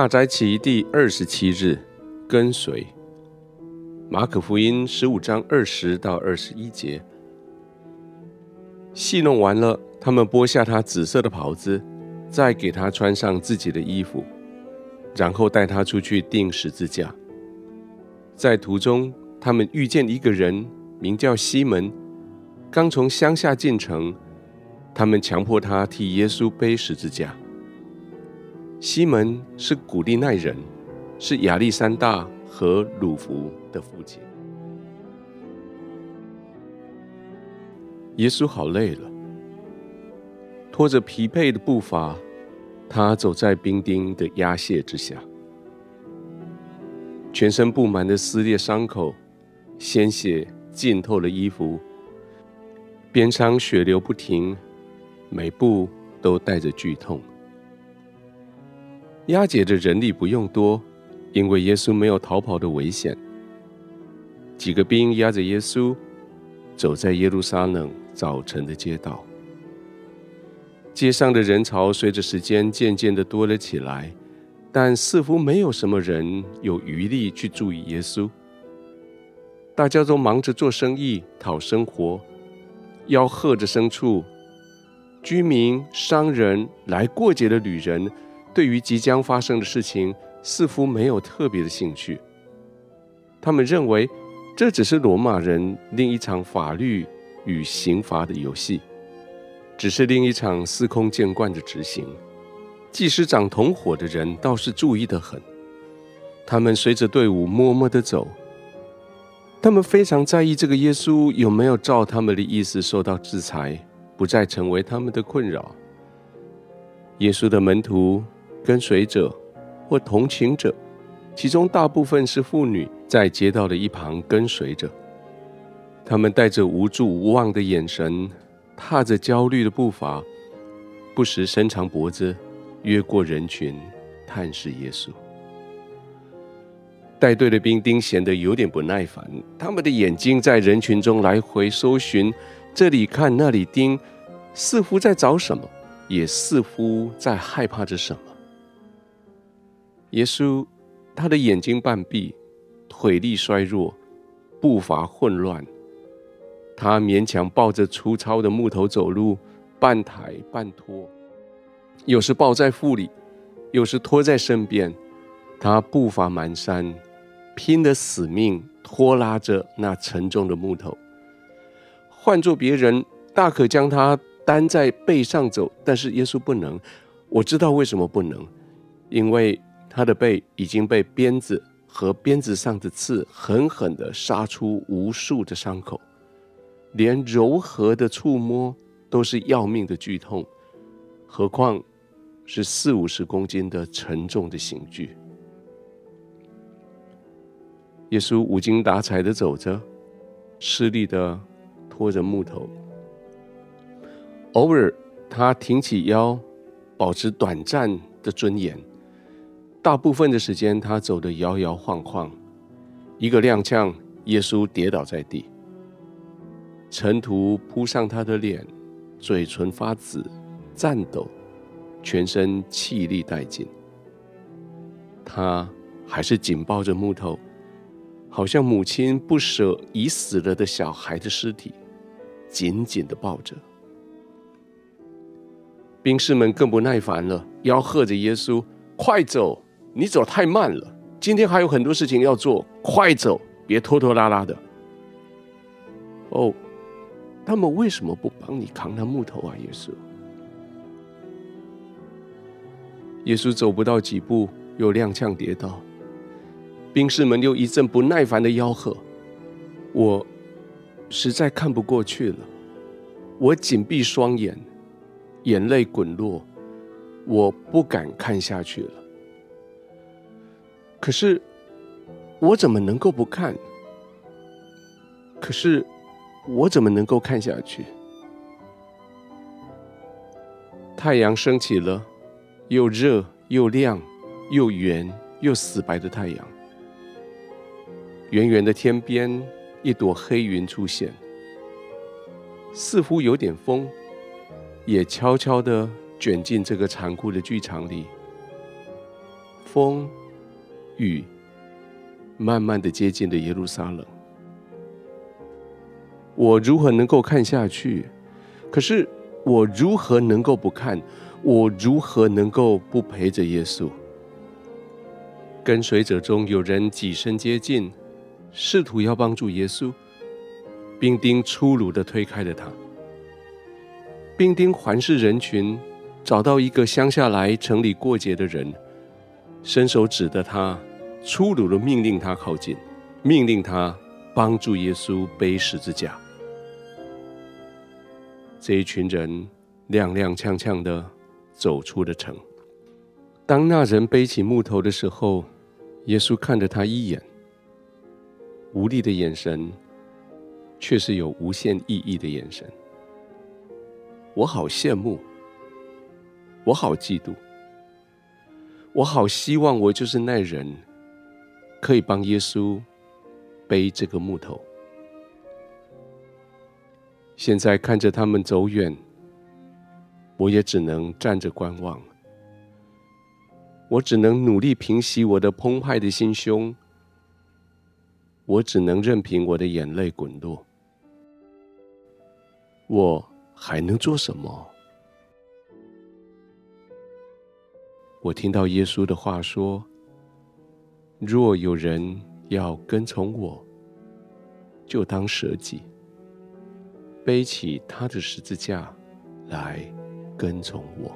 大齋期第二十七日，跟隨。馬可福音十五章二十到二十一節。戲弄完了，他們剝下他紫色的袍子，再給他穿上自己的衣服，然後帶他出去釘十字架。在途中，他們遇見一個人，名叫西門，剛從鄉下進城，他們強迫他替耶穌背十字架。西門是古利奈人，是亞歷山大和魯孚的父親。耶穌好累了，拖着疲憊的步伐，他走在兵丁的押解之下，全身布滿的撕裂傷口，鮮血浸透了衣服，鞭傷血流不停，每步都帶着劇痛。押解的人力不用多，因為耶穌沒有逃跑的危險。幾個兵押着耶穌，走在耶路撒冷早晨的街道。街上的人潮隨着時間漸漸的多了起來，但似乎沒有什麼人有餘力去注意耶穌。大家都忙着做生意、討生活、吆喝着牲畜、居民、商人、來過節的旅人。對於即將發生的事情，似乎沒有特別的興趣。他們認為，這只是羅馬人另一場法律與刑罰的遊戲，只是另一場司空見慣的執刑。祭司長同夥的人倒是注意得很，他們隨着隊伍默默的走。他們非常在意這個耶穌有沒有照他們的意思受到制裁，不再成為他們的困擾。耶穌的門徒。跟隨者或同情者，其中大部分是婦女，在街道的一旁跟隨着。他們帶着無助無望的眼神，踏着焦慮的步伐，不時伸長脖子，越過人群，探視耶穌。帶隊的兵丁顯得有點不耐煩，他們的眼睛在人群中來回搜尋，這裡看那裡盯，似乎在找什麼，也似乎在害怕着什麼。耶穌，他的眼睛半閉，腿力衰弱，步伐混亂。他勉強抱着粗糙的木頭走路，半抬半拖，有時抱在腹裡，有時拖在身邊。他步伐蹣跚，拼了死命拖拉着那沉重的木頭。換作別人，大可將他擔在背上走，但是耶穌不能。我知道為什麼不能，因為，他的背已經被鞭子和鞭子上的刺狠狠的殺出無數的傷口，連柔和的觸摸都是要命的劇痛，何況是四五十公斤的沉重的刑具。耶穌無精打采的走着，吃力的拖着木頭，偶爾他挺起腰，保持短暫的尊嚴。大部分的時間，他走得搖搖晃晃，一個踉蹌，耶穌跌倒在地，塵土撲上他的臉，嘴唇發紫，顫抖，全身氣力殆盡。他還是緊抱着木頭，好像母親不捨已死了的小孩的屍體，緊緊的抱着。兵士們更不耐煩了，吆喝着耶穌：“快走！”你走太慢了，今天還有很多事情要做，快走，別拖拖拉拉的。哦，他們為什麼不幫你扛那木頭啊？耶穌。耶穌走不到幾步又踉蹌跌倒，兵士們又一陣不耐煩的吆喝。我實在看不過去了，我緊閉雙眼，眼淚滾落，我不敢看下去了。可是，我怎麼能夠不看？可是，我怎麼能夠看下去？太陽升起了，又熱又亮又圓又死白的太陽。遠遠的天邊，一朵黑雲出現，似乎有點風，也悄悄的捲進這個殘酷的劇場裡。風。雨慢慢的接近了耶路撒冷。我如何能夠看下去？可是我如何能夠不看？我如何能夠不陪着耶穌？跟隨者中有人擠身接近，試圖要幫助耶穌，兵丁粗魯的推開了他。兵丁環視人群，找到一個鄉下來城裡過節的人，伸手指着他。粗魯的命令他靠近，命令他幫助耶穌背十字架。這一群人踉踉蹌蹌地走出了城。當那人背起木頭的時候，耶穌看着他一眼，無力的眼神，卻是有無限意義的眼神。我好羨慕，我好嫉妒，我好希望我就是那人。可以幫耶穌背這個木頭。現在看着他們走遠，我也只能站着觀望。我只能努力平息我的澎湃的心胸。我只能任憑我的眼淚滾落。我還能做什麼？我聽到耶穌的話說。若有人要跟從我，就當捨己，背起他的十字架來跟從我。